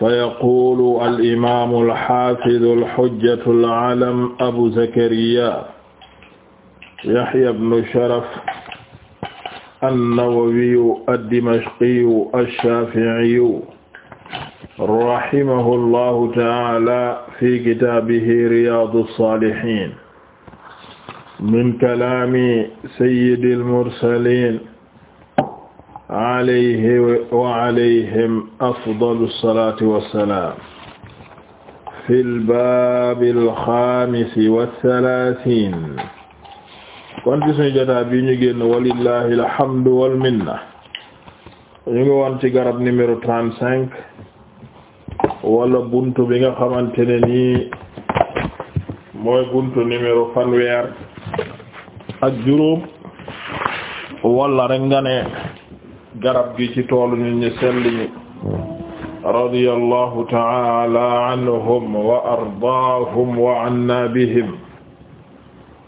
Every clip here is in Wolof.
فيقول الإمام الحافظ الحجة العلم أبو زكريا يحيى بن شرف النووي الدمشقي الشافعي رحمه الله تعالى في كتابه رياض الصالحين من كلام سيد المرسلين alayhi salaati wa salaam. fil baabil kon bi ñu génn walillahi alhamdu wal ñu ngi woon ci garab numéro trente cinq. wala buntu bi nga xamante ne nii. mooy buntu numéro fanweer. ak juróom. wala rek garab gi ci toolu nit ñi sell ñi radiyallahu ta'ala anhum wa ardaahum wa anna bihim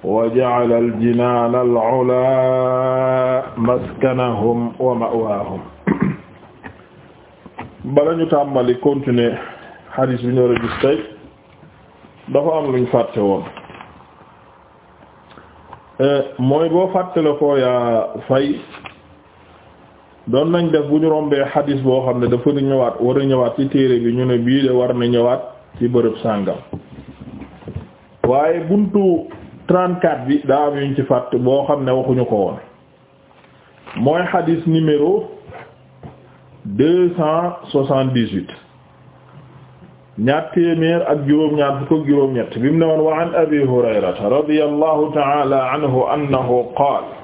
wa ja'ala al-jinaana al-'ulaa maskanahum wa ma'waahum bala ñu tàmbali continuer hadis bi ñu gis tey dafa am luñ fàtte woon eh, mooy boo fàtte la ko yaa fay doon nañ def bu ñu rombee xadis boo xam ne dafa ñëwaat war a ñëwaat ci téere bi ñu ne bii de war na ñëwaat ci bërëb sàngam waaye buntu 34 bi daa am yuñ ci fàtt boo xam ne waxuñu ko woon mooy xadis numéro 278 ñaar téeméer ak juróom-ñaar fukk ak juróom-ñett bi mu ne woon wa abi hurayrata radiyallahu ta'ala anhu annahu qaala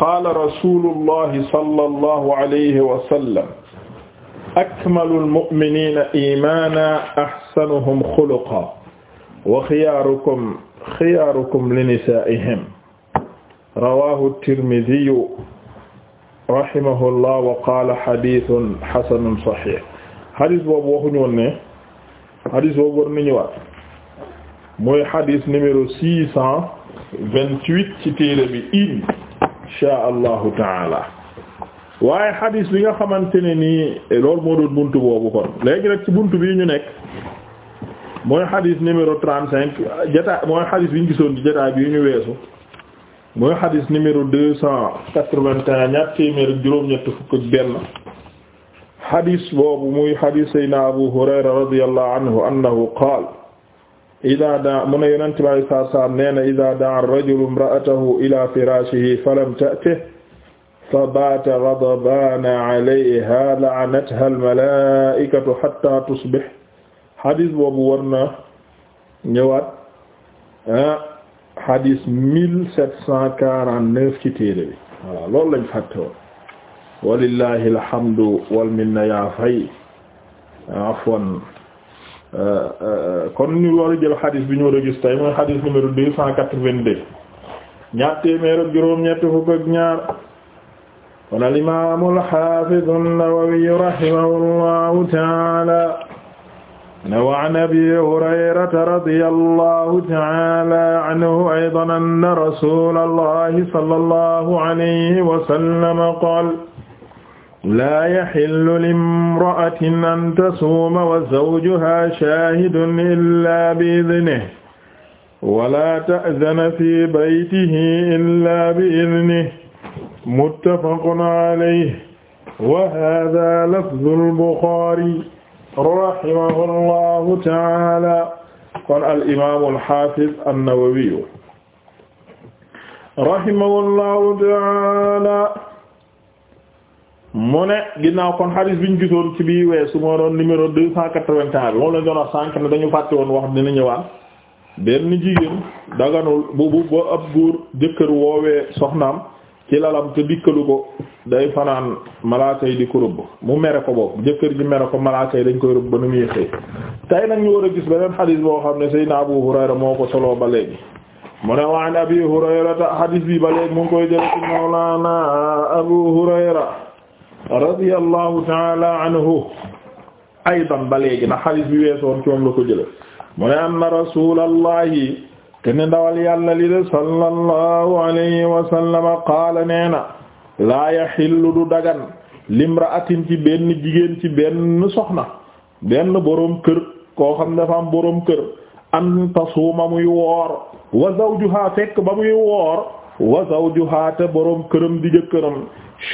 qaala rasuulullahi sallallahu alayhi wa sallam akmalul mu'miniina iimaanan ahsanuhum xuluqan wa xiyaarukum xiyaarukum linisaa'ihim rawaahu tirmiziyu rahimahullah wa qaala hadiisun hasanun sahiih hadis boobu waxuñu woon ne hadis boobu war nañu waat mooy hadis numéro six cent vingt-huit ci téere bi in insha allahu taala waaye xadiis bi nga xamante ne nii eh, loolu moo doon buntu boobu kon léegi rek ci buntu bii ñu nekk mooy xadiis numéro trente cinq jotaay mooy xadiis bi ñu gisoon ci jotaay bii ñu weesu mooy xadiis numéro deux cent quatre-vingt-un ñaar juróom-ñett fukk ak benn xadiis boobu muy xadiis Seydina Abu Hurayra radiyallahu anhu annahu qaala ida da mu ne yonente bi alei saatu salaam nee na ida daa rajulu imra'atahu ila firashihi falam ta'ti fa baata ghadbaana alayha la'anatha almala'ikatu hatta tusbih hadis boobu war na ñëwaat ah hadis mille sept cent quarante-neuf ci téere bi voilà loolu lañ fàtte woon walillahi alhamdu wal minna yaa fay afwan Euh, euh, euh, kon ñu war a jël xadis bi ñu war a gis tey mooy xadis numéro deux cent quatre-vingt-deux ñaar téeméer ak juróom-ñett fukk ak ñaar kon al imam al hafiz an-Nawawi rahimahullahu ta'ala wa an abi hurayrata radiyallahu ta'ala anhu aydan anna rasulallahi sallallahu alayhi wa sallam qala laa yaxillu limra'atin an tasuuma wa zawjuhaa shaahidun illaa bi-idnihi wa laa ta'zana fii baytihi illaa bi-idnihi muttafaqun alayhi wa haazaa lafzul buxaari rahimahullaahu ta'aalaa kon al-imaamul haafiz an-nawawiyu rahimahullaahu ta'aalaa mu ne ginnaaw kon xadis bi ñu gisoon ci bii su moo doon numéro deux cent quatre-vingt-un bi moom lañ doon wax sànq ne dañu fàtte woon wax dina ñëwaat benn jigéen daganul bu bu ba ab góor jëkkër woowee soxnaam ci lalam te dikkalu ko day fanaan malaaka yi di ko rëbb mu mere ko boobu jëkkër ji mere ko malaaka yi dañ koy rëbb ba nu muy xëy tey nag ñu war a gis beneen xadis boo xam ne Seydina Abu Hurayra moo ko soloo ba léegi mu ne waan Abi Hurayrata xadis bi ba léegi mu ngi koy jël ci Mawlaana Abu Hurayra radiyallahu ta'ala anhu aydan ba léegi na xadis bi weesoon ci moom la ko jële mu ne anna rasulallahi te ne ndawal yàlla li de sallallahu alayhi wa sallama qaala nee na laa yaxillu du dagan limra'atin ci benn jigéen ci benn soxna benn boroom kër koo xam dafa am boroom kër an tasuuma muy woor wa zawjuha fekk ba muy woor wa zawjuha boroom këram di jëkkëram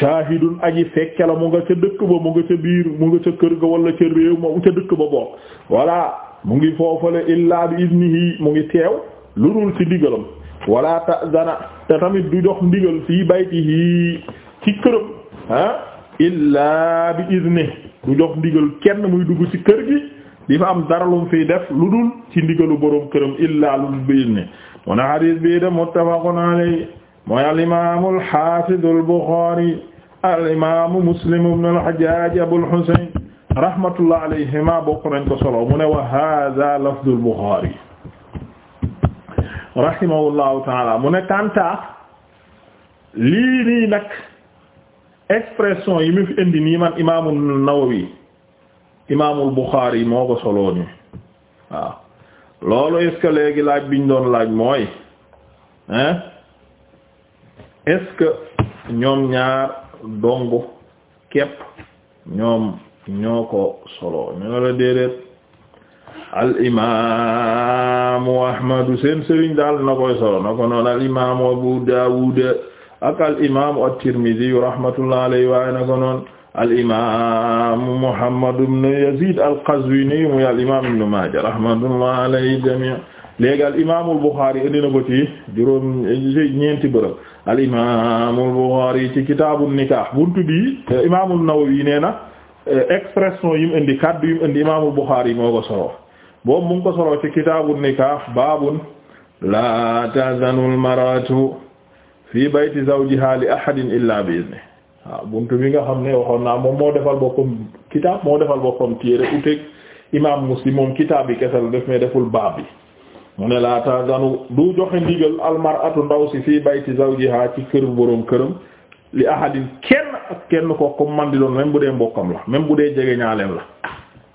shahidun aji fekke la mu nga ca dëkk ba mu nga ca biir mu nga ca kër ga wala ca réew ma ca dëkk ba bokk voilà mu ngi foofale illaa bi idnihi mu ngi teew lu dul ci ndigalam wala ta'zana te tamit du jox ndigal fii baytihi ci këram ah illaa bi idnihi du jox ndigal kenn muy dugg ci kër gi di fa am daralum fiy def lu dul ci ndigalu boroom këram illaa lu dul bi idnihi mu ne hadis bii de muttafaqun alayhi mooy al imaamu al xaafidu al buxaari al imaamu muslim ibnu al hajjaaj abul husayn rahmatullah alayhima bokk nañ ko solo mu ne wa haaza lafdu al buxaari rahimahullahu taala mu ne kanta lii nii nag expression yi mu fi indi nii man imaamu nawawi imaamul buxaari moo ko solo nii waaw. loolu est léegi laaj biñ doon laaj mooy hein est ñoom ñaar dong képp ñoom ñoo ko solo ñoo la déedéet al imaamu ahmadu seen sëriñ daal na koy solo na ko noon al imaamu abu daawud ak al imaamu at-tirmidhi rahmatullah alayhi waaye na ko noon alimamu Muhammad ibn Yazid al-Qazwini muy alimamu Ibn Maaja rahmatullah alayhi jami' léegi alimamul Bukhari indi na ko ci juróom ñeenti bërëb alimamul Bukhari ci kitaabun nikaah buntu bi eh, imamul Nawawi nee na eh, expression yi mu indi kaddu yi indi imamul Bukhari moo ko solo boobu mu ngi ko solo ci kitaabun nikaah baabun laa ta'zanul mar'atu fii bayti zawjihaa li ahadin waaw buntu bi nga xam ne waxoon naa moom moo defal boppam kitaab moo defal boppam téere uteeg imaam muslim moom kitaab bi kese la def mais deful baab bi mu ne laa tazanu du joxe ndigal atu ndaw si fii bayti zawjiha ci kër boroom këram li ahadin kenn ak kenn ko comme man di doon même bu dee mbokkam la même bu dee jege ñaaleem la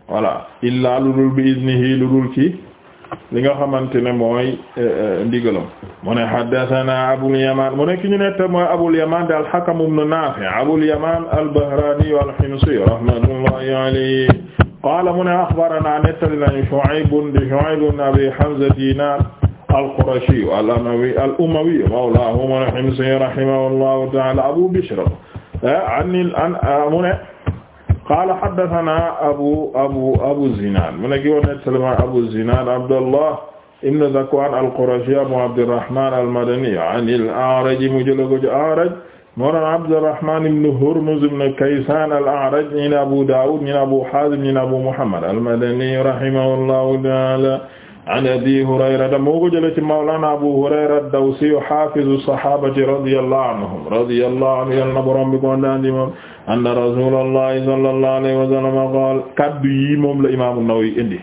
voilà illaa lu dul bi iznihi lu dul ci li nga xamante ne mooy eh, eh, ndigalam mu ne haddathana Abul Yaman mu ne ki ñu nette mooy Abul Yaman de al-Hakam ibn Nafi' Abul Yaman al-Bahrani al-Himsi rahmatullahi alayhi qala mu ne akhbarana nettali nañu Shu'ayb di Shu'ayb ibn Abi Hamza Dinar al-Qurashi al-Umawi al-Umawi mawlahum al-Himsi rahimahullahu ta'ala Abu Bishr eh, ah, qaala haddasanaa abu abu abu Zinaad mu nekk yow net Salama abu Zinaad Abdallah ibn Zakwaan al-Qurashi abu Abdirrahmaan al-Madani an al-A'raj mu jëloon ko ci A'raj moo doon Abdirrahmaan ibn Hurmuz ibn Kaysaan al-A'raj ñu ne Abu Daawuud ñu ne Abu Haazim ñu ne Abu Muhammad al-Madani rahimahullahu ta'aala an abi hurayrata moo ko jële ci mawlana abu hurayra dawsi hafizu sahabati radiyallahu anhum radiyallahu anhu yal na borom bi kontaan ci moom anna rasulallahi sallallahu alayhi wa sallam qaal kaddu yi moom la imaamu Nawawi indi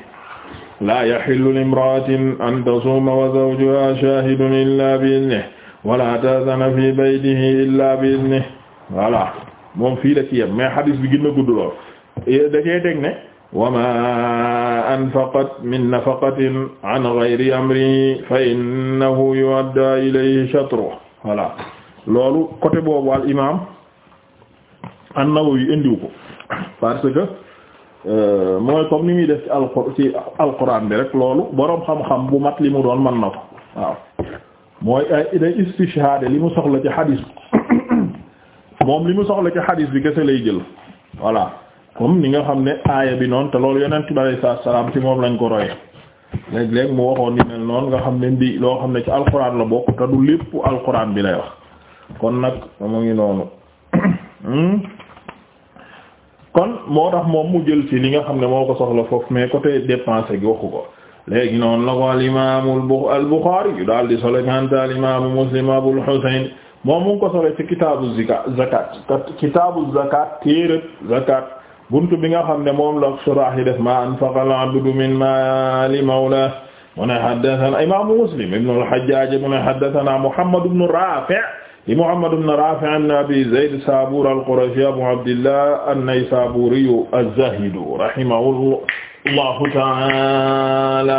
laa yahillu limra'atin an tasuma wa zawjuha shahidun illa bi idnihi wala ta'zana fi baytihi illa bi idnihi voilà moom fii la ci yem mais hadis bi gën a gudd lool da cee teg ne وما أنفقت من نفقة عن غير أمره فإنه يؤدى إليه شطره voilà loolu côté boobu al imaam An-Nawawi indiw ko que euh, mooy comme ni muy def ci alqur ci loolu borom xam-xam bu mat li mu doon mën na ko waaw mooy ay day istishhaad li mu soxla ci moom li mu soxla ci bi kese lay jël voilà. comme ni nga xam ne aaya bi noonu te loolu yonent bi alayhi salaam ci moom lañ ko royee léeg-léeg mu waxoon ni mel noonu nga xam ne ndi loo xam ne ci alxuraan la bokk te du lépp alxuraan bi lay wax kon nag mu ngi noonu hmm? kon moo tax moom mu jël ci li nga xam ne moo ko soxla foofu mais côté dépense gi waxu ko léegi noonu la ko al imaamu al Buxaari yu daal di solo kanta al imaamu Muslim Abul Husayn moom mu ngi ko solo ci kitaabu zakat kitaabu zakat buntu bi nga xam ne moom la surah yi def ma anfaqa al-abdu min mali mawla mu ne haddathana imaamu muslim ibn al-hajjaj mu ne haddathana muhammad ibn rafi' di muhammad ibn rafi' ibn abi zayd sabur al-qurashi abu abdillah an-naysaburi az-zahid rahimahullahu ta'ala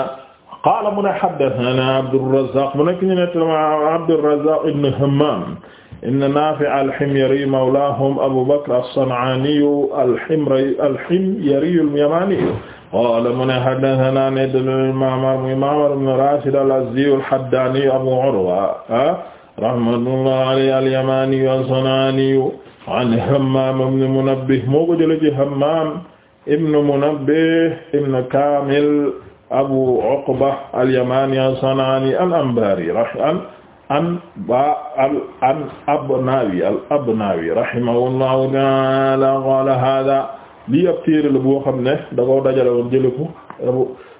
qala mu ne haddathana abdurrazzaq mu nekk ñu ne abdurrazzaq ibn hammam inna Naafi' al-Himyari mawlaahum Abu Bakr as-San'aani al-Himyari al-Himyari al-Yamaani qaala mu ne haddathanaa nettali Ma'mar muy Ma'mar ibn Raashid al-Azdi al-Haddaani Abu Urwa rahmatullahi alayhi al-Yamaani as-San'aani an Hammaam ibn Munabbih moo ko jëlee ci Hammaam ibn Munabbih ibn Kaamil Abu Uqba al-Yamaani as-San'aani al-Anbaari an ba al an abnawi al abnawi rahimahullahu taala qala hada lii ab téere la boo xam ne da ko dajale woon jële ko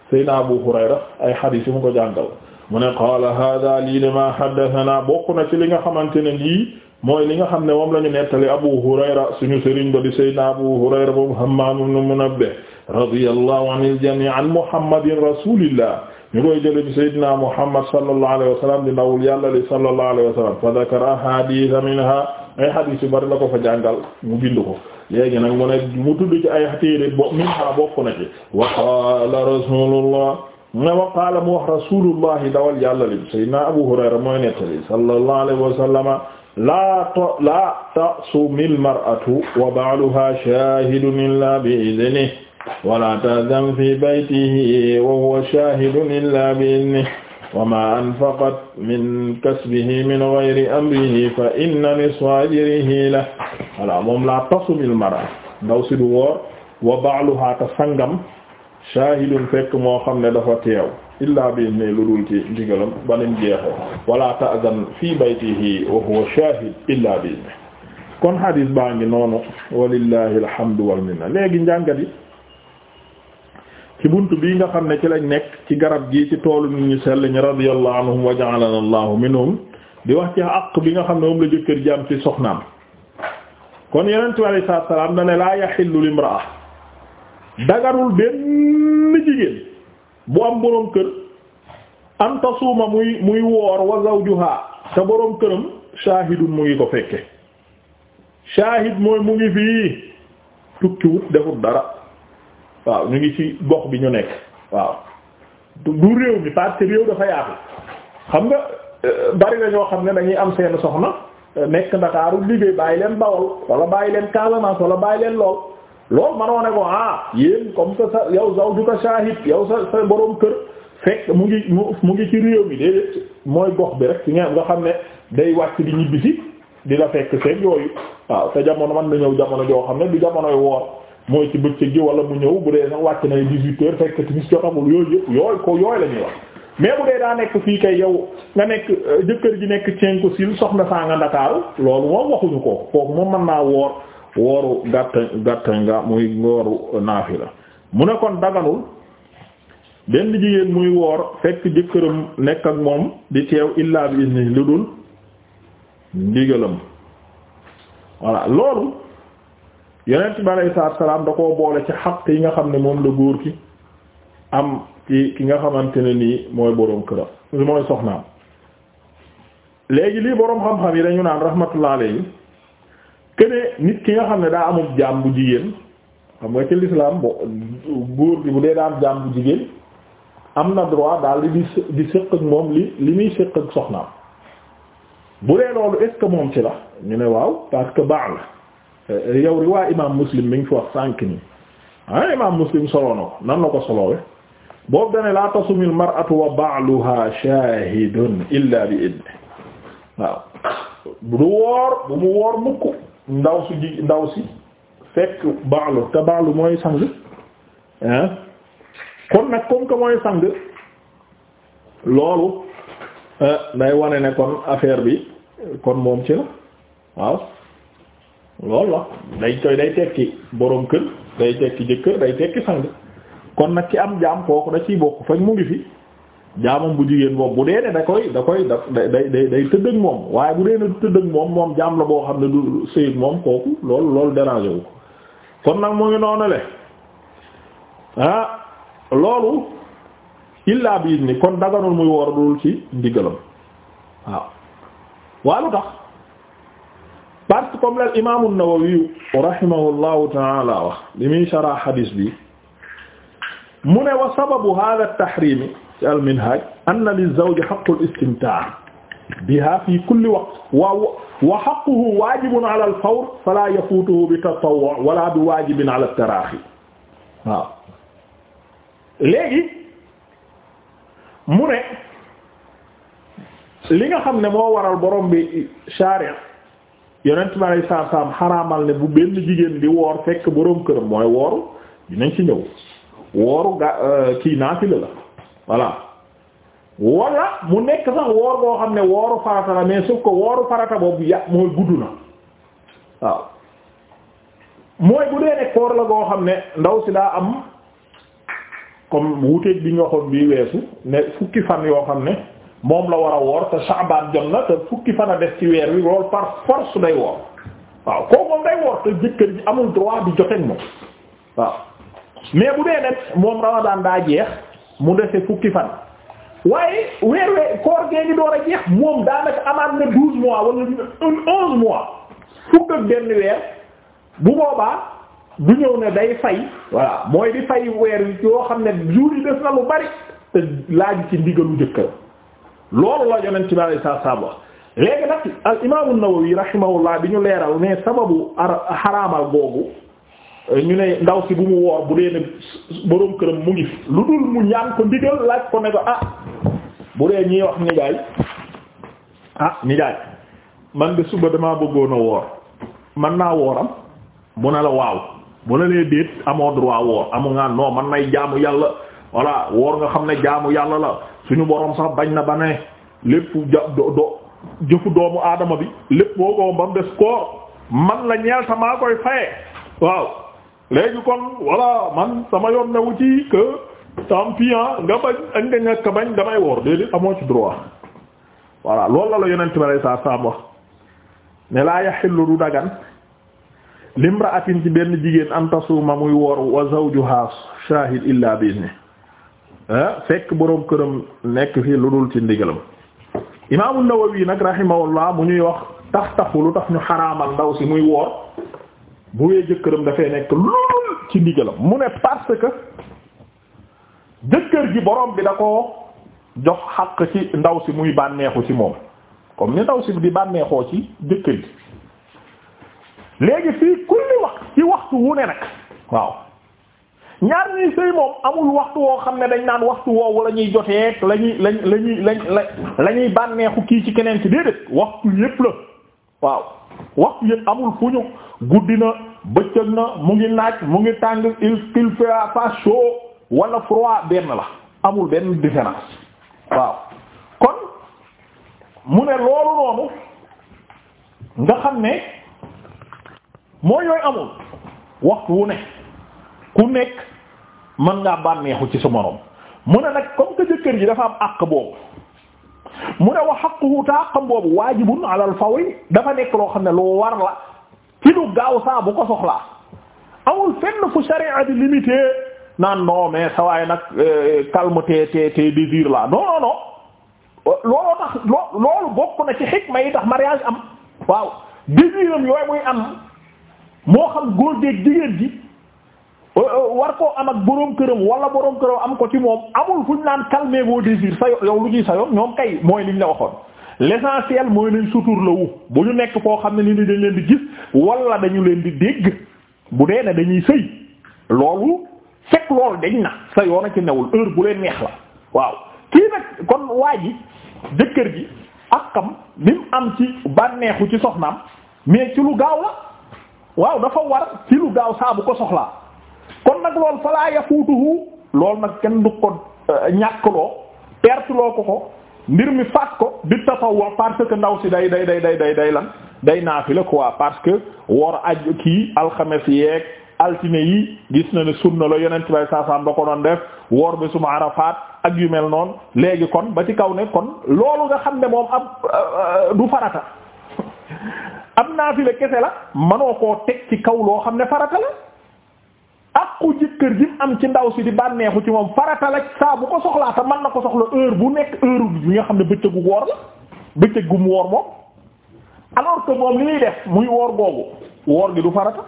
sayna Abu Hurayra ay xadiis yi mu ko jàngal mu ne qaala hada lii de ma haddathana bokk na ci li nga xamante ne lii mooy li nga xam ne moom la ñu nettali Abu Hurayra suñu sëriñ ba di sayna Abu Hurayra boobu Hammaam ibn Munabbih radiyallahu anil jamii an Muhammadin rasulillah ñu koy jële ci sayyidina Muhammad sallallahu alayhi wa sallam di ndawul yàlla li sallallahu alayhi wa sallam fa dhakara hadith minha ay hadith yu bari la ko fa jàngal mu bind ko léegi nag mu ne mu tudd ci ay téere bo minha bokk na ci wa qala rasulullah ne wa qaala mu wax rasulullah dawal yàlla li sayyidina Abu Hurayra mooy nettali sallallahu alayhi wa sallama laa to laa tasumil mar'atu wa ba'luha shahidun illa bi idnihi wala tazam fi baytihi wa huwa shahidun illa bi idnihi wa ma anfaqat min kasbihi min ghayri amrihi fa inna nisfa ajrihi la voilà moom laa tasumil mara ndaw si du woor wa ba'luha ta sangam shahidun fekk moo xam ne dafa teew illa bi ne lu dul ci ndigalam banim jeexee wala ta'zan fi baytihi wa huwa shahid illa bi ne kon hadis baa ngi noonu walillahi alhamdu wal minna léegi njàngat yi ci bunt bii nga xam ne ci lañ nekk ci garab gi ci toolu nit ñu sell ñi radiyallahu anhum wa ja'alana allahu minhum di wax ci àq bi nga xam ne moom la jëkkër ji am ci soxnaam kon yeneen bi salaam na ne laa yaxillu limraa dagarul benn jigéen bu am boroom kër an tasuuma muy muy woor wa zawjuha te boroom këram shaahidun mu ngi ko fekke shaahid mooy mu ngi fii tukkiwut defut dara waaw ñu ngi ci gox bi ñu nekk waaw du réew mi parce que réew dafa yaatu xam nga euh, bari na ñoo xam ne dañuy am seen soxna euh, nekk Ndakaaru liggéey bàyyi leen Bawol wala bàyyi leen Casamance wala bàyyi leen lool lool manoo ne ko ah yéen comme que sa yow zawjuka shahid yow sa sa boroom kër fekk mu ngi mu ngi ci réew mi déedéet mooy gox bi rek ci nga nga xam ne day wàcc di ñibbisi di la fekk seeg yooyu waaw te jamono man na ñëw jamono joo xam ne du jamonoy woor mooy ci bëccëg gi wala mu ñëw bu dee sax wàcc na dix fekk timis jotagul yooyu yëpp yooyu ko yooyu la mais bu dee daa nekk fii kay yow nga nekk euh, jëkkër ji nekk cinq sil soxna saa nga ndakaaru loolu moom waxuñu ko kooku moom mën naa woor wooru gàtta gàtta nga muy wooru naafila mu nekkoon kon daganul benn jigéen muy woor fekk jëkkëram nekk ak moom di teew illa bi izni lu dul ndigalam voilà loolu yonent bi alayhi salaatu salaam da koo boole ci xaq yi nga xam ne moom la góor ki am ci ki nga xamante ne nii mooy boroom këram mooy soxnaam léegi lii boroom xam-xam yi dañu naan rahmatullah alayhi kene nit ki nga xam ne daa amul jaam bu jigéen xam nga ci l'islam bo góor gi bu dee daa am jaam bu jigéen am na droit daal di di sëq ak moom li li muy sëq ak soxnaam bu dee loolu est ce que moom ci la ñu ne waaw parce que baax la Eh, yow riwaa imam muslim mi ngi fi wax sànq ni ah imam muslim solo na ko nan la ko soloowe boobu dane la tasumil mar'atu wa ba'luha shahidun illa bi idni waaw bu woor bu mu woor mukk ndaw si fekk baalu te baalu mooy sang ah kon nag comme que mooy sang loolu eh, day wane ne kon affaire bi kon moom ci la loolu la day koy day tekki boroom kër day tekki jëkkër day tekki sang kon nag ki am jaam kooku da ciy bokk fekk mu ngi fi jaamam bu jigéen boobu bu dee ne da koy da koy da day day day moom waaye bu dee ne du tëdd ak moom moom jaam la boo xam ne du sëy moom kooku loolu loolu déranger wu ko kon nag mu ngi noonu le ah loolu illaa bi ni kon daganul muy war dul ci ndigalam waaw waaw lu tax. sànq comme la imaamu Nawawi rahimahullahu ta'ala wax li muy sarah hadis bi mu ne wa sababu hadha at-tahrim ci al-minhaj anna liz-zawji haqqul istimta' biha fi kulli waqt wa haqquhu waajibun 'ala al-fawr fala yafutuhu bi tatawwu' wala bi waajibin 'ala at-tarahi waaw léegi mu ne li nga xam ne moo waral borom bi charia yonent bi alay saa saam xaraamal ne bu benn jigéen di woor fekk boroom këram mooy wooru dinañ ci ñëw wooru ga euh, kii naafila la voilà wala mu nekk sax woor goo xam ne wooru farata la mais sauf que wooru farata boobu ya mooy gudd na waaw mooy bu dee ne koor la goo xam ne ndaw si daa am comme wuuteeg bi ñu waxoon weesu ne fukki fan yoo xam ne moom la war a woor te Sha'ban jot na te fukki fan a def ci weer wi loolu par force day woor waaw kooku moom day woor te jëkkër ji amul droit di joteeg moom waaw mais bu dee ne moom Ramadan daa jeex mu dese fukki fan waaye weer we koor gee ngi door a jeex moom daanaka amaat na douze mois wala onze mois fukk ak benn weer bu boobaa du ñëw ne day fay voilà mooy di fay weer yoo xam ne jour yi des na lu bari te laaj ci ndigalu jëkkër. loolu la yonent bi alayhi salaam wax léegi nag al imaamu Nawawi rahimahullah bi ñu leeral ne sababu xaraamal googu ñu ne ndaw si bu mu woor bu dee ne boroom këram mu ngi lu dul mu ñaan ko ndigal laaj ko ne ko ah bu dee ñii wax nijaay ah nijaay man de suba damaa bëggoon a woor man naa wooram mu ne la waaw bu la nee déet amoo droit woor amu nga non man nay jaamu yàlla voilà woor nga xam ne jaamu yàlla la suñu boroom sax bañ na ba ne lépp jëfu doomu aadama bi lépp boo ko ba mu des koor man la ñeel ta maa koy faye waaw léegi kon voilà man sama yoon newu ci que tant pis ah, nga bañ ak nga ñàkk bañ damay woor déedéet amoo ci droit voilà loolu la la yonent bi alay saa saam wax ne laa yaxillu du dagan limraatin ci benn jigéen an tasuma muy woor wa zawjuha shahid illa bi izni fekk boroom këram nekk fii lu dul ci ndigalam imaamu Nawawi nag laa mu ñuy wax tax taxu lu tax ñu xaraamal ndaw si muy woor bu wee jëkkëram dafay nekk lu dul ci ndigalam mu ne parce que jëkkër ji boroom bi da ko jox xaq ci ndaw si muy bànneexu ci moom comme ni ndaw si di bànneexoo ci jëkkër ji léegi fii kulli wax ci waxtu wu ne nag waaw ñaar ñuy sëy moom amul waxtu woo xam ne dañ naan waxtu woowu la ñuy jotee la lañuy lañ la ñuy la ñuy bànneexu kii ci keneen ci déedéet waxtu yépp la waaw waxtu yépp amul fu ñu guddi na bëccëg na mu ngi naaj mu ngi tàng il il fait pas chaud wala froid benn la amul benn différence waaw kon mu ne loolu noonu nga xam ne moo yooyu amul waxtu wu ne ku nekk mën ngaa bànneexu ci sa morom mu ne nag comme que jëkkër ji dafa am àq boobu mu ne wa xaquhu ta àqam boobu waajibun alal fawri dafa nekk loo xam ne lu war la ci du gaaw saa bu ko soxlaa amul fenn fu sharia di limité naan non sa waay nag euh, calme te te te désir la non non non looloo tax loolu bokk na ci xikma yi tax mariage am waaw désiram yooyu muy am moo xam góor déeg jigéen ji Euh, war koo am ak boroom këram wala boroom këram am ko ci moom amul fu ñu naan calmer vos désirs sa yow lu ñuy sa yoon ñoom kay mooy liñ la waxoon l'essentiel mooy nañ sutur la wu bu ñu nekk koo xam ne ni dañ leen di gis wala dañu leen di dégg bu dee ne dañuy sëy loolu fekk loolu dañ na sa yoon a ci newul heure bu leen neex la waaw kii nag kon waa ji jëkkër ji ak xam bi mu am ci bànneexu ci soxnaam mais ci lu gaaw la waaw dafa war ci lu gaaw saa bu ko soxlaa kon nag lool falaa yafuutuhu lool nag kenn du ko euh, ñàkkloo perte loo ko ko mbir mi faat ko di tatawwa parce que ndaw si day day day day day day lan day naafi la quoi parce que woor aj kii alxames yeeg altine yi gis na ne sunna la yonent bay saasaam da ko doon def woor bi suma arafaat ak yu mel noonu léegi kon ba ci kaw ne kon loolu nga xam ne moom ab euh, du farata am naafi la kese la manoo koo teg ci kaw loo xam ne farata la akku jëkkër ji mu am ci ndaw si di bànneexu ci moom farata la saa ko soxlaa te mën na ko soxla heure bu nekk heure bi nga xam ne bëccëgu woor la bëccëg mu woor moom alors que moom li muy def muy woor googu woor gi du farata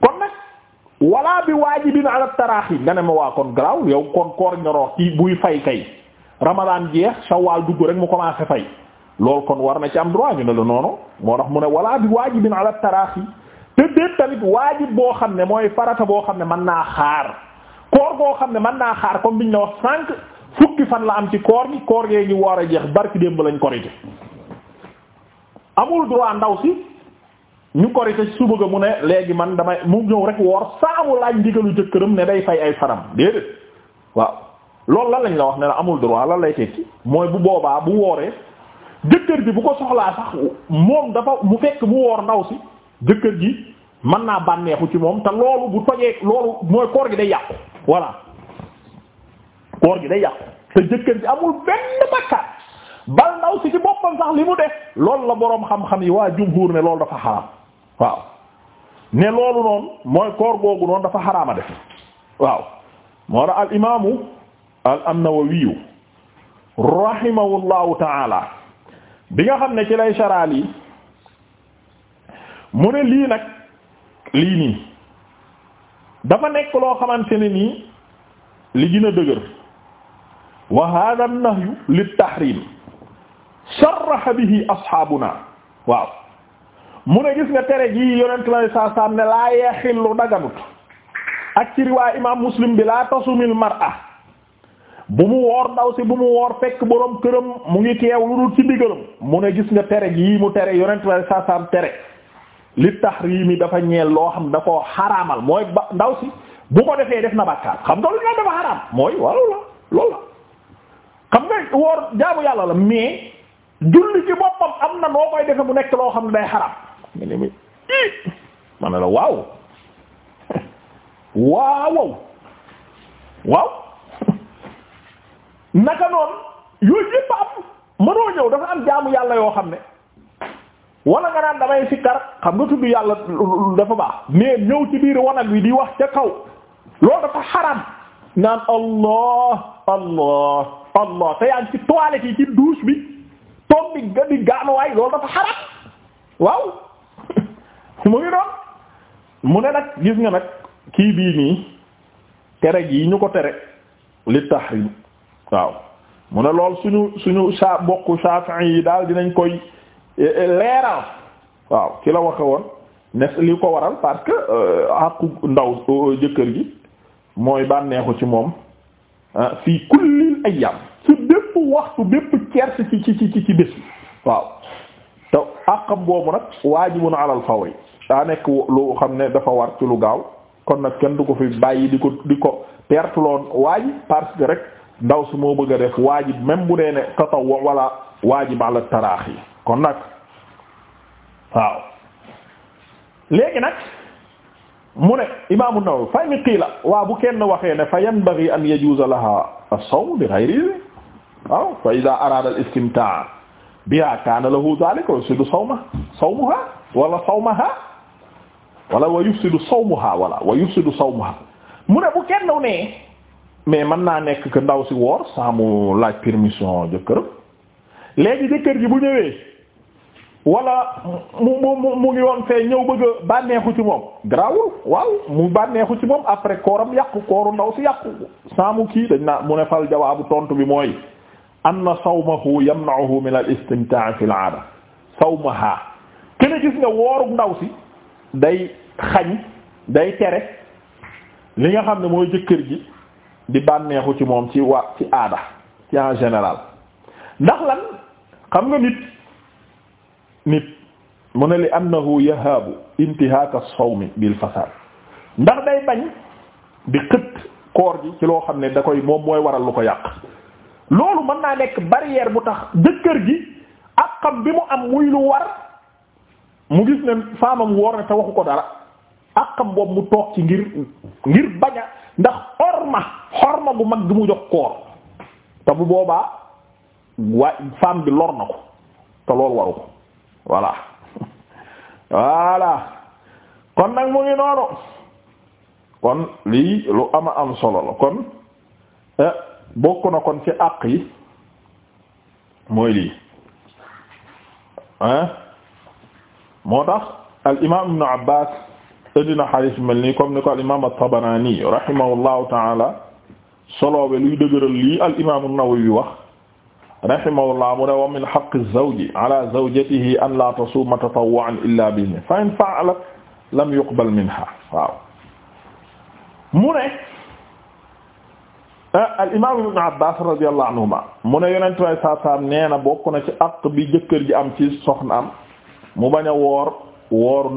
kon nag wala bi waajibin ala taraax yi nga ne ma waa kon garaaw yow kon koor ñoroo ci buy fay kay ramadan jeex sawaal dugg rek mu commencé fay loolu kon war na ci am droit ñu ne la noonu moo tax mu ne wala bi waajibin ala taraax yi te déet tamit waajib boo xam ne mooy farata boo xam ne man naa xaar koor boo xam ne mën naa xaar comme ñu la wax sànq fukki fan la am ci koor gi koor gee ngi war a jeex barki démb lañ korite amul droit ndaw si ñu korite ci mu ne léegi man damay mu ñëw rek woor saamu laaj ndigalu jëkkëram ne day fay ay faram déedéet waaw loolu lan lañ la wax ne la amul droit lal lay tekki mooy bu boobaa bu wooree jëkkër bi bu ko soxlaa sax moom dafa mu fekk mu woor ndaw si jëkkër ji mën naa bànneexu ci moom te loolu bu tojee loolu mooy koor gi day yàqu voilà koor gi day yàqu te jëkkër ji amul benn bakkaat bal si ci boppam sax li mu def loolu la boroom xam-xam yi waa jumhuur ne loolu dafa xaraam waaw ne loolu noonu mooy koor googu noonu dafa xaraama def waaw moo tax al imaamu al an-Nawawiyu rahimahullahu taala bi nga xam ne ci lay saraal yi mu ne lii nag lii nii dafa nekk loo xamante ne nii li gën a dëgër wa hada an-nahyu lit-tahrim sarraha bihi ashaabuna waaw mu ne gis nga tere gi yonent lay saa saam ne laa yaxillu daganut ak ci riwaay imaam muslim bi laa tasumil mar'a bu mu woor ndaw si bu mu woor fekk boroom këram mu ngi teew lu dul ci ndigalam mu ne gis nga tere gii mu tere yonent lay saa tere li tahriimi dafa ñeel loo xam da ko xaraamal mooy ba ndaw si bu ko defee def na bàkkaar xam nga mooy waaw la loolu woor jaamu yàlla la mais julli ci boppam am na noo koy defe mu nekk loo xam ne day xaraam nga ne la waaw waawow waaw naka noonu yooyu yëpp am mënoo ñëw dafa am jaamu yàlla yoo xam ne wala nga naan damay sikkar xam nga tudd yàlla dafa baax mais ñëw ci biir wanag wi di wax ca kaw loolu dafa xaram naan allah allah allah te yaa ngi ci toilette yi ci bi toog bi nga di gaanuwaay dafa xaram waaw mu ngi doon mu ne nag gis nga nag kii bii nii tere gi ñu ko tere li tahrim waaw mu ne lool suñu suñu sa bokk yi daal di nañ koy leeral waaw ci la waxe woon ne li ko waral parce que euh, àqu ndaw euh, jëkkër gi mooy bànneexu ci moom ah, fii kullil ayyam ci bépp waxtu bépp cerce ci ci ci ci bés waaw te àqam boobu nag waajibun alal fawri daa nekk lu xam ne dafa war ci lu gaaw kon nag kenn du ko fi bàyyi di ko di ko perte loon waajib parce que rek ndaw si moo bëgg a def waajib même bu dee ne tataw wala waajib ala taraax yi kon nag waaw léegi nag mu ne imaamu Nawawi fa mi qiila waa bu kenn waxee ne fa yanbaghi an yajuuza laha as-sawm bi ghayri waaw fa idha arada al-istimtaa' biha kaana lahu dhalika yufsidu sawma sawmuha wala sawmaha wala wa yufsidu sawmuha wala wa yufsidu sawmuha mu ne bu kenn nee mais mën naa nekk que ndaw si woor saa mu laaj permission jëkkër léegi jëkkër ji bu ñëwee wala mu mu mu ngi woon fee ñëw bëgg a bànneexu ci moom grawul waaw mu bànneexu ci moom après kooram yàqu kooru ndaw si yàqu saamu kii dañ naa mu ne fal jawaabu tontu bi mooy anna sawmahu yamna'uhu min al istimtaa' fi al aada sawmaha kene gis nga woorug ndaw si day xañ day tere li nga xam ne mooy jëkkër ji di bànneexu ci moom ci waa ci aada ci en général ndax lan xam nga nit nit mu ne li annahu yahaabu intihaaka mi bil fasad ndax day bañ di xët koor gi ci loo xam ne da koy moom mooy waral lu ko yàq loolu mën naa nekk barrière bu tax jëkkër gi ak bi mu am muy lu war mu gis ne faamam woor na te waxu ko dara ak xam mu toog ci ngir ngir baña ndax xorma xorma bu mag bi mu jox koor te bu boobaa waa faam bi lor na ko te loolu waru ko voilà voilà kon nag mu ngi noonu kon lii lu ama am solo la kon eh, bokk na kon ci àq yi mooy lii hein eh? moo tax al imaam ibnu Abbaas ëddina xadiis mel nii comme ni ko al imaam at-Tabaraani rahimahullahu taala solo be luy dëgëral lii al imaam an-Nawawi wax rahimahullah mu ne wa min haqqi zawji ala zawjatihi an la tasuma tatawwu'an illa bihi fa in fa'alat lam yuqbal minha waaw mu ne ah, al-imam ibn Abbas mu ne yonent way saa saam nee na bokk na ci aq bi jëkkër ji am ci soxnaam mu bañ a woor woor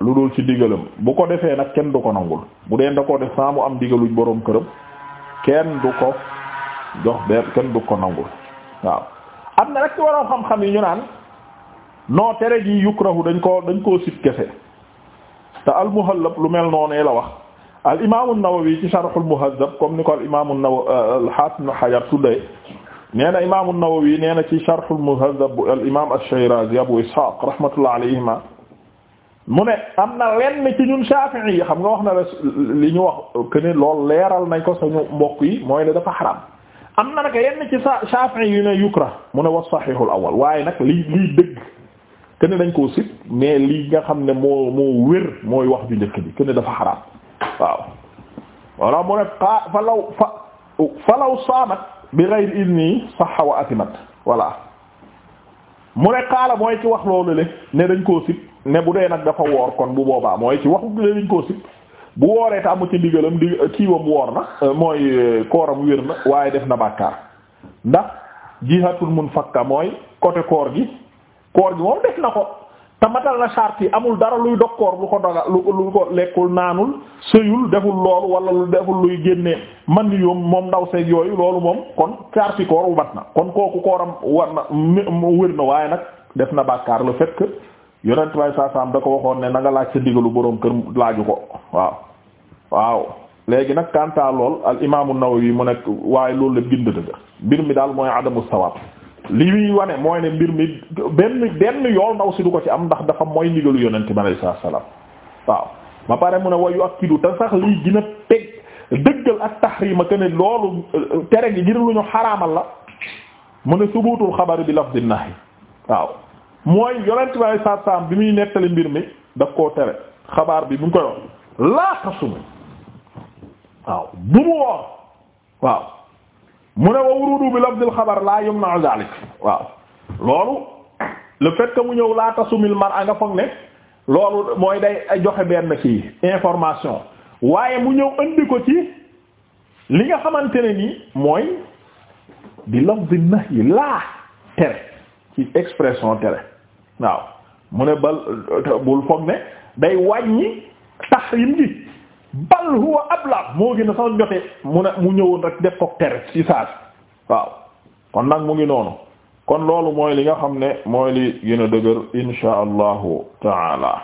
lu dul ci digalam bu ko defee nag kenn du ko nangul mu dee da koo def mu am digaluj boroom këram kenn du ko jox benn ko nangul waaw am na rek ci yi ñu naan noo tere gi yukrahu dañ ko dañ koo sit kese te al-Muhallab lu mel noonu la wax al imaamu Nawawi ci Sharh al-Muhazzab comme ni ko al imaamu Nawawi euh, Hajar tuddee nee na imaamu Nawawi nee ci Sharh al-Muhazzab bu al imaam ash-Shirazi Abu Ishaq rahmatullah alayhima mu ne am na lenn ci ñun Shafi'i yi xam nga wax na la li wax que ne loolu leeral nañ ko suñu mbokk yi mooy ne dafa xaram. am na nag yenn ci sa Shafi'i yu ne yukra mu ne wa sahihul awal waaye nag lii liy dëgg que ne dañ koo sit mais nga xam ne moo moo wér mooy wax ju njëkk bi que dafa xaraam waaw walla mu ne xaa falaw fa falaw saamat bi mu ne xaala mooy ci wax loolu le ne dañ koo sit ne bu dee nag dafa woor kon bu boobaa mooy ci waxu le dañ koo bu wooree te amu ci ndigalam di kiiwam woor na euh, mooy euh, kooram wér na waaye def na bàkkaar ndax jihatul mun fakka mooy côté koor gi koor gi moom def na ko te matal na charte yi amul dara luy dog koor lu ko doga lu lu ko lekkul naanul sëyul deful loolu wala lu deful luy génne man yoom moom ndaw seeg yooyu loolu moom kon charte koor wu bat kon kooku kooram war na mu wér na waaye nag def na bàkkaar le fait que yonent way saa am da ko waxoon ne na nga laaj sa ndigalu boroom kër laaju ko waaw léegi nag kanta lool al imaamu Nawawi mu nekk waaye loolu la bind dëgg mbir mi daal mooy adamu sawaab lii muy wane mooy ne mbir mi benn benn yool ndaw si du ko ci am ndax dafa mooy ndigalu yonente bi saa salaam waaw ba pare mu ne wayu ak kiddu te sax lii gën a teg dëggal ak taxriima que ne loolu tere gi ngir lu ñu xaraamal la mu ne subutul xabar bi lafdi nahi waaw mooy yonente bi saa salaam bi muy nettali mbir mi daf koo tere xabaar bi bu ñu koy wax laata waaw bu mu woor waaw mu ne wa wurudu bi lafdil xabar laa yumna zalik waaw loolu le fait que mu ñëw laa tasumil mar a nga foog ne loolu mooy day joxe benn kii information waaye mu ñëw indi ko ci li nga xamante ne nii mooy di lafdi nahyi laa tere ci expression tere waaw mu ne bal bul foog ne day wàññi tahrim gi bal huwa abla moo gën a sax jote mu ne mu ñëwoon rek def ko tere ci saas waaw kon nag mu ngi noonu kon loolu mooy li nga xam ne mooy li gën a dëgër insha allahu taala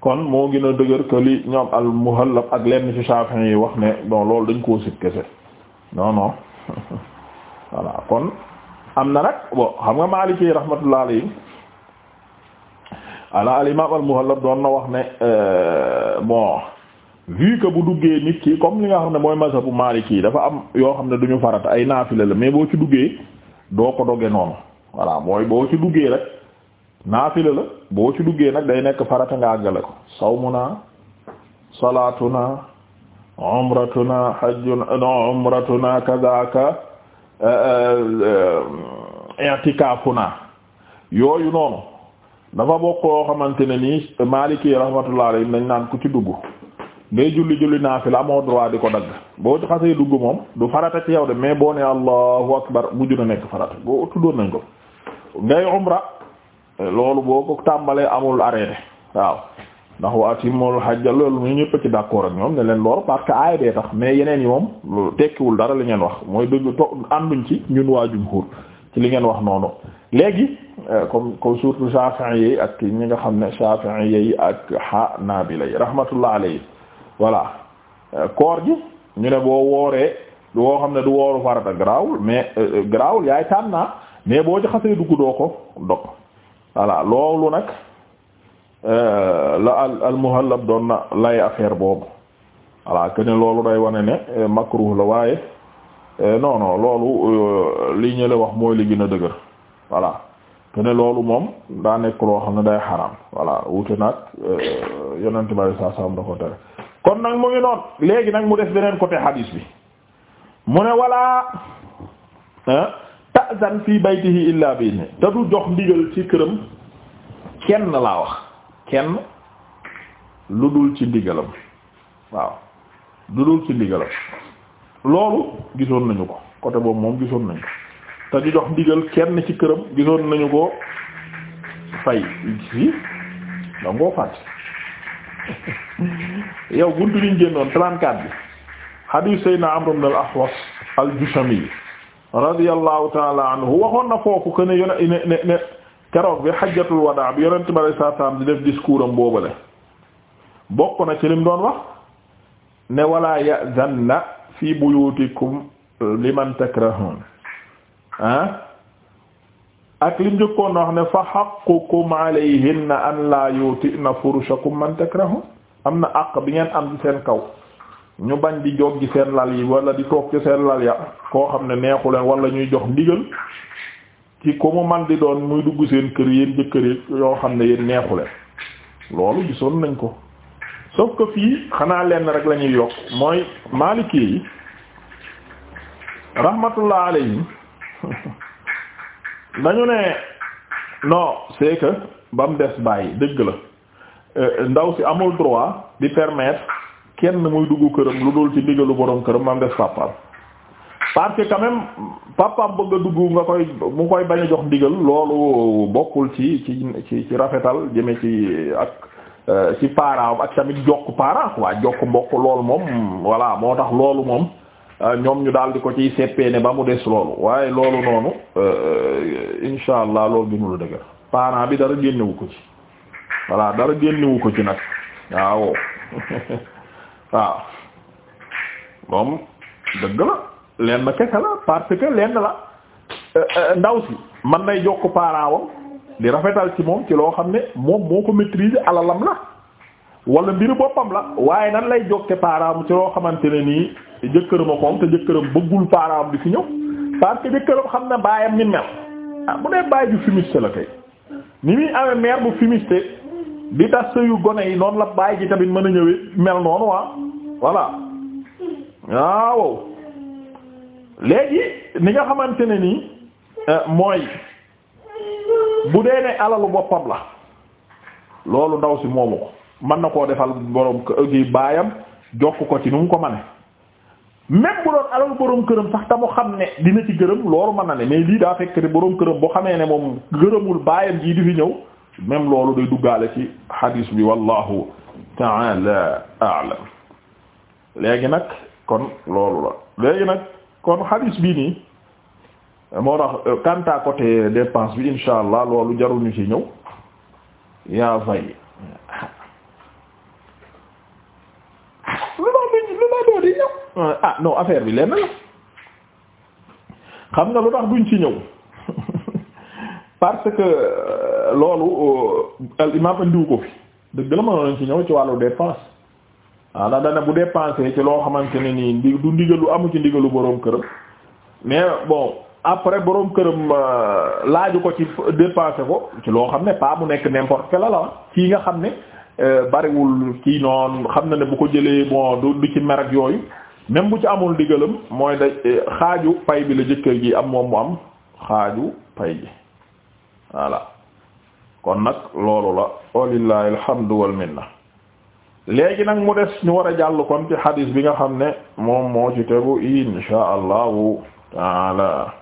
kon moo gën a dëgër que li ñoom al muhallab ak lenn ci Shafi'i yi wax ne bon loolu dañ koo sib kese non non kon am na nag bon xam nga Maliki rahmatullah alayhi ala yi imam al muhallab doon na wax ne euh, bon vu bu duggee nit ki comme li nga xam ne mooy mazhabu Maliki yi dafa am yoo xam ne duñu farata ay naafila la mais boo ci duggee doo ko doge noonu voilà mooy boo ci duggee rek naafila la boo ci duggee nag day nekk farata nga àggale ko sawmuna na umratuna hajjun umratuna kadaka eh, eh, i'tikafuna yooyu noonu dafa bokk yoo xamante ne nii Maliki rahmatullahi alayhi nañ naan ku ci dugg ngay julli julli la amoo droit di ko dagg boo xasee dugg moom du farata ci yow de mais boo ne allahu akbar mujj na nekk farata boo tuddoon nañ ko ngay umra loolu boo ko tàmbalee amul arrêté waaw ndax wa atimul hajja loolu ñu ñëpp ci d'accord ak ñoom ne leen loolu parce que aay bee tax mais yeneen yi moom tekkiwul dara li ngeen wax mooy dëgg to ànduñ ci ñun waa jumhur ci li ngeen wax noonu léegi euh, comme comme surtout Shafi'i yi ak ñi nga xam ne Shafi'i yi ak Hanabila yi rahmatullah alayhi voilà euh, koor gi ñu ne boo wooree woo xam ne du wooru farata garaawul mais euh, euh, garaawul yaay tànn naa mais boo ci xasee dugg doo ko dog voilà loolu nag la al al muhallab doon na lay affaire boobu voilà que ne loolu day wane ne makruh la waaye nono loolu li ñu wax mooy li gën a dëgër voilà que ne loolu moom daa nekk loo xam ne day xaram voilà wute nag yonent bi sallallahu alayhi wasallam da ko tere kon nag mu ngi noonu léegi nag mu def beneen côté hadis bi mu ne wala ah, ta'zan fii baytihi illa bi ne te du jox ndigal ci këram kenn laa wax kenn lu dul ci ndigalam waaw lu dul ci ndigalam loolu gisoon nañu ko côté boobu moom gisoon nañu ko te du jox ndigal kenn ci këram gisoon nañu ko fay fii dangoo fàtt yow buntu liñ génnoon 34 bi hadith Seydina Amr ibn al-Ahwas al-Jushami radiyallahu taala anhu waxoon na foofu que ne yone ne ne keroog bi hajjatul wadaa bi yonent bi saa saam di def discours am boobale bokk na ci lim doon wax ne wala ya'zanna fi buyutikum liman takrahun ah. ak lim njëkkoon na wax ne fa haqqukum alayhinna an la yutina furushakum man takrahun am na àq bi ngeen am ci seen kaw ñu bañ di joggi seen lal yi wala di toog ci seen lal ya koo xam ne neexu leen walla ñuy jox ndigal ci ku mu man di doon muy dugg seen kër yéen jëkkër yi yoo xam ne yéen neexu leen loolu gisoon nañ ko sauf que fii xanaa lenn rek lañuy yokk mooy maalikee yi rahmatullah alayhi dañu ne non c'est que ba mu des bàyyi dëgg la euh, ndaw si amul droit di permettre kenn muy dugg këram lu dul ci ndigalu borom këram ba mu des pàppaam parce que quand même pàppaam bëgg a dugg nga koy mu koy bañ a jox ndigal loolu bokkul ci ci ci ci rafetal jëme ci ak euh, ci parent ak tamit jokk parent waa jokk mbokk loolu moom voilà moo tax loolu moom Euh, ñoom ñu daal di ko ciy seppee ne ba mu des loolu waaye loolu noonu euh, euh, insha allah loolu gënul dëgër parent bi dara génnewu ko ci voilà dara génnewu ko ci nag waaw waaw moom dëgg la lenn kese la parce que la ndaw si man nay jokk parent wam di rafetal ci moom ci loo xam ne moom moo ko maîtriser alalam la wala mbiru boppam la waaye nan lay jokke paaraam ci loo xamante ne nii jëkkërama koom te jëkkëram bëggul paaraam bi fi ñëw parce que jëkkëram xam ne baayam ni mel ah bu dee baay ju fumiste la kay ni muy amee mère bu fumiste di tas sëyu gone yi noonu la baay ji tamit mën a ñëwee mel noonu waa ah. voilà waaw léegi ni nga xamante ne nii eh, mooy bu dee ne alalu boppam la loolu ndaw si moomu ko mën na koo defal borom gi baayam jokk ko ci nu mu ko mane même bu doon alal borom këram sax te xam ne dina ci gërëm loolu man na ne mais lii daa fekk ne borom këram boo xamee ne moom gërëmul baayam jii di fi ñëw même loolu day duggaale ci hadis bi wallahu ta'ala a'lam léegi nag kon loolu la léegi nag kon hadis bi nii moo tax euh, quant à côté dépense bi insha allah loolu jaruñu ci ñëw yaa fay ah no affaire bi lenn la xam nga lu tax duñ ci ñëw parce que euh, loolu euh, al imam andiwu ko fi dëgg la mënoon nañ ci ñëw ci wàllu dépense waaw ah, ndax dana bu dépensé ci loo xamante ne nii ndi du ndigalu amu ci ndigalu boroom këram mais bon après boroom këram euh, laaju ko ci dépensé ko ci loo xam ne pas mu nekk n'importe quel la la kii nga xam ne bariwul kii noonu xam na ne bu ko jëlee bon du ci mer ak yooyu même bu ci amul ndigalam mooy da eh, xaaju pay bi la jëkkër ji am moom mu am xaaju pay ji voilà kon nag loolu la walillahi alhamdu wal na léegi nag mu des ñu war a jàll kon ci hadis bi nga xam ne moom moo ci tegu insha allahu taala